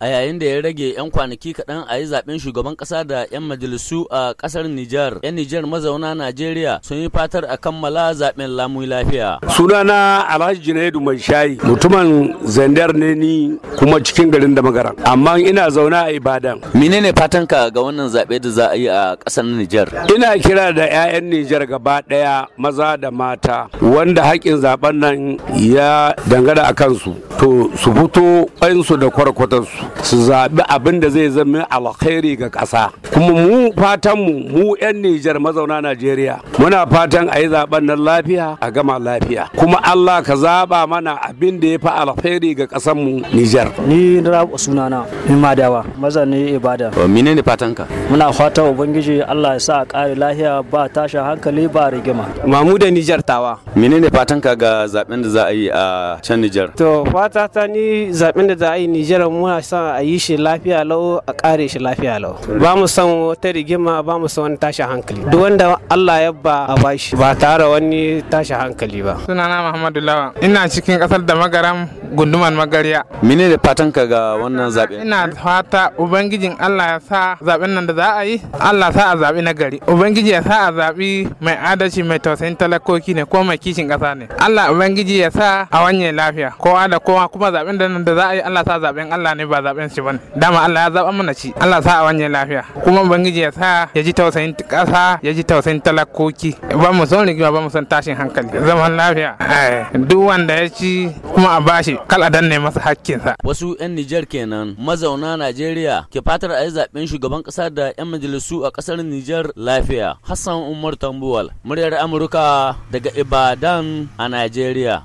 a yayin da ya rage 'yan kwanaki kaɗan a yi zaɓen shugaban ƙasa da 'yan majalisu a ƙasar Nijar. 'Yan Nijar mazauna Najeriya sun yi fatar a kammala zaɓen lamu lafiya. Sunana Alhaji Junaidu Mai Shayi mutumin Zandar ne ni kuma cikin garin da magara amma ina zauna a Ibadan. Menene fatan ka ga wannan zaɓe da za a yi a ƙasar Nijar? Ina kira da 'ya'yan Nijar gaba ɗaya maza da mata wanda haƙƙin zaɓen nan ya dangana a kansu to su fito ƙwainsu da kwarkwatansu. su zaɓi abin da zai zama alkhairi ga ƙasa kuma mu fatan mu mu 'yan nijar mazauna najeriya muna fatan a yi zaɓen nan lafiya a gama lafiya kuma allah ka zaɓa mana abin da ya fi alkhairi ga mu nijar ni na sunana ni madawa mazani ibada menene ne ka? muna fata ubangiji allah ya sa ƙari lafiya ba tashin hankali ba rigima mamu da nijar tawa menene ne ka ga zaɓen da za a yi a can nijar to fata ta ni zaɓen da za a yi nijar muna sa a yi shi lafiya lau a kare shi lafiya lau ba mu san wata rigima ba mu san wani tashi hankali duk wanda Allah ya ba a bashi ba tare wani tashi hankali ba sunana Muhammadu Lawa ina cikin kasar da magaram gunduman magarya. Mene da fatan ka ga wannan zaɓe? Ina fata Ubangijin Allah ya sa zaɓen nan da za a yi, Allah sa a zaɓi na gari. Ubangiji ya sa a zaɓi mai adalci mai tausayin talakoki ne ko mai kishin ƙasa ne. Allah Ubangiji ya sa a wanye lafiya kowa da kowa kuma zaɓen nan da za a yi Allah sa zaɓen Allah ne ba zaɓen shi bane. Dama Allah ya zaɓa mana ci. Allah sa a wanye lafiya. Kuma Ubangiji ya sa ya ji tausayin ƙasa ya ji tausayin talakoki. Ba mu son rigima ba mu son tashin hankali. Zaman lafiya. Eh, duk wanda ya ci kuma a bashi kala danne masa hakkinsa. Wasu 'yan Nijar kenan mazauna Najeriya ke fatar a yi zaɓen shugaban ƙasa da 'yan majalisu a ƙasar Nijar lafiya. Hassan Umar Tambuwal, muryar Amurka daga Ibadan a Najeriya.